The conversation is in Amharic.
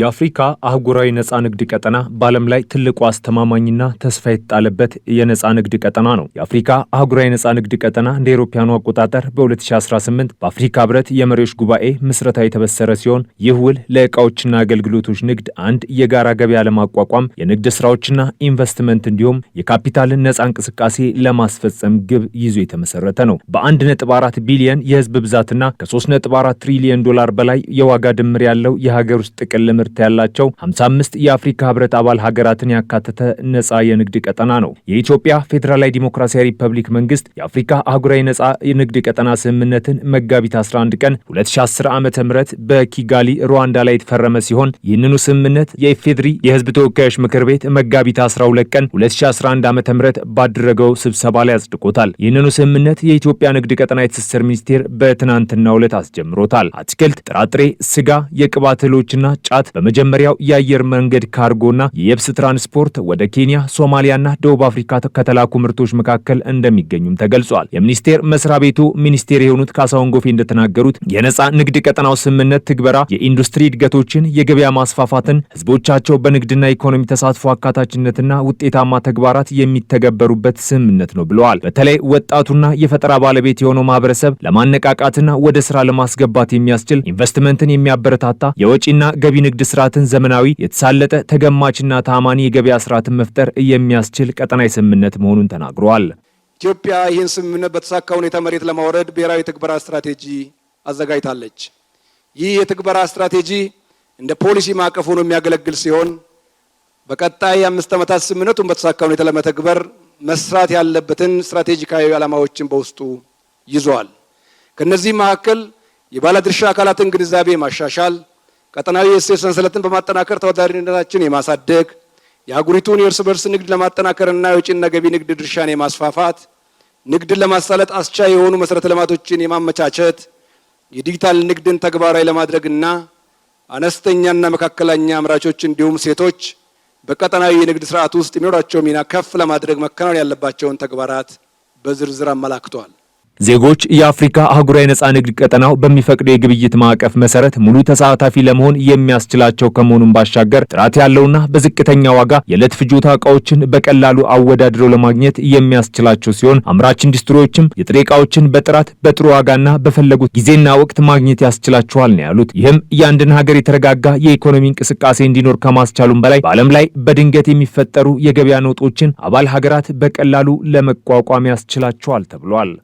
የአፍሪካ አህጉራዊ ነጻ ንግድ ቀጠና በዓለም ላይ ትልቁ አስተማማኝና ተስፋ የተጣለበት የነጻ ንግድ ቀጠና ነው። የአፍሪካ አህጉራዊ ነጻ ንግድ ቀጠና እንደ አውሮፓውያኑ አቆጣጠር በ2018 በአፍሪካ ህብረት የመሪዎች ጉባኤ ምስረታ የተበሰረ ሲሆን ይህ ውል ለእቃዎችና አገልግሎቶች ንግድ አንድ የጋራ ገበያ ለማቋቋም የንግድ ስራዎችና ኢንቨስትመንት እንዲሁም የካፒታልን ነጻ እንቅስቃሴ ለማስፈጸም ግብ ይዞ የተመሰረተ ነው። በ1.4 ቢሊየን የህዝብ ብዛትና ከ3.4 ትሪሊየን ዶላር በላይ የዋጋ ድምር ያለው የሀገር ውስጥ ጥቅል ምርት ያላቸው 55 የአፍሪካ ህብረት አባል ሀገራትን ያካተተ ነጻ የንግድ ቀጠና ነው። የኢትዮጵያ ፌዴራላዊ ዲሞክራሲያዊ ሪፐብሊክ መንግስት የአፍሪካ አህጉራዊ ነጻ የንግድ ቀጠና ስምምነትን መጋቢት 11 ቀን 2010 ም በኪጋሊ ሩዋንዳ ላይ የተፈረመ ሲሆን ይህንኑ ስምምነት የኢፌድሪ የህዝብ ተወካዮች ምክር ቤት መጋቢት 12 ቀን 2011 ዓ.ም ባደረገው ስብሰባ ላይ አጽድቆታል። ይህንኑ ስምምነት የኢትዮጵያ ንግድ ቀጠና የትስስር ሚኒስቴር በትናንትናው ዕለት አስጀምሮታል። አትክልት፣ ጥራጥሬ፣ ስጋ፣ የቅባት እህሎችና ጫት በመግባት በመጀመሪያው የአየር መንገድ ካርጎና የየብስ ትራንስፖርት ወደ ኬንያ፣ ሶማሊያና ደቡብ አፍሪካ ከተላኩ ምርቶች መካከል እንደሚገኙም ተገልጿል። የሚኒስቴር መስሪያ ቤቱ ሚኒስቴር የሆኑት ካሳሁን ጎፌ እንደተናገሩት የነጻ ንግድ ቀጠናው ስምምነት ትግበራ የኢንዱስትሪ እድገቶችን፣ የገበያ ማስፋፋትን፣ ህዝቦቻቸው በንግድና ኢኮኖሚ ተሳትፎ አካታችነትና ውጤታማ ተግባራት የሚተገበሩበት ስምምነት ነው ብለዋል። በተለይ ወጣቱና የፈጠራ ባለቤት የሆነው ማህበረሰብ ለማነቃቃትና ወደ ስራ ለማስገባት የሚያስችል ኢንቨስትመንትን የሚያበረታታ የወጪና ገቢ የንግድ ስርዓትን ዘመናዊ፣ የተሳለጠ፣ ተገማችና ታማኒ የገበያ ስርዓትን መፍጠር የሚያስችል ቀጠናዊ ስምምነት መሆኑን ተናግሯል። ኢትዮጵያ ይህን ስምምነት በተሳካ ሁኔታ መሬት ለማውረድ ብሔራዊ የትግበራ ስትራቴጂ አዘጋጅታለች። ይህ የትግበራ ስትራቴጂ እንደ ፖሊሲ ማዕቀፍ ሆኖ የሚያገለግል ሲሆን በቀጣይ አምስት ዓመታት ስምምነቱን በተሳካ ሁኔታ ለመተግበር መስራት ያለበትን ስትራቴጂካዊ ዓላማዎችን በውስጡ ይዟል። ከነዚህም መካከል የባለድርሻ አካላትን ግንዛቤ ማሻሻል ቀጠናዊ የእሴት ሰንሰለትን በማጠናከር ተወዳዳሪነታችን የማሳደግ የአህጉሪቱን የእርስ በርስ ንግድ ለማጠናከርና የውጭና ገቢ ንግድ ድርሻን የማስፋፋት ንግድን ለማሳለጥ አስቻ የሆኑ መሰረተ ልማቶችን የማመቻቸት የዲጂታል ንግድን ተግባራዊ ለማድረግና አነስተኛና መካከለኛ አምራቾች እንዲሁም ሴቶች በቀጠናዊ የንግድ ስርዓት ውስጥ የሚኖራቸው ሚና ከፍ ለማድረግ መከናወን ያለባቸውን ተግባራት በዝርዝር አመላክተዋል። ዜጎች የአፍሪካ አህጉራዊ ነጻ ንግድ ቀጠናው በሚፈቅደው የግብይት ማዕቀፍ መሰረት ሙሉ ተሳታፊ ለመሆን የሚያስችላቸው ከመሆኑን ባሻገር ጥራት ያለውና በዝቅተኛ ዋጋ የዕለት ፍጆታ እቃዎችን በቀላሉ አወዳድረው ለማግኘት የሚያስችላቸው ሲሆን አምራች ኢንዱስትሪዎችም የጥሬ እቃዎችን በጥራት በጥሩ ዋጋና በፈለጉት ጊዜና ወቅት ማግኘት ያስችላቸዋል ነው ያሉት። ይህም የአንድን ሀገር የተረጋጋ የኢኮኖሚ እንቅስቃሴ እንዲኖር ከማስቻሉም በላይ በዓለም ላይ በድንገት የሚፈጠሩ የገበያ ነውጦችን አባል ሀገራት በቀላሉ ለመቋቋም ያስችላቸዋል ተብሏል።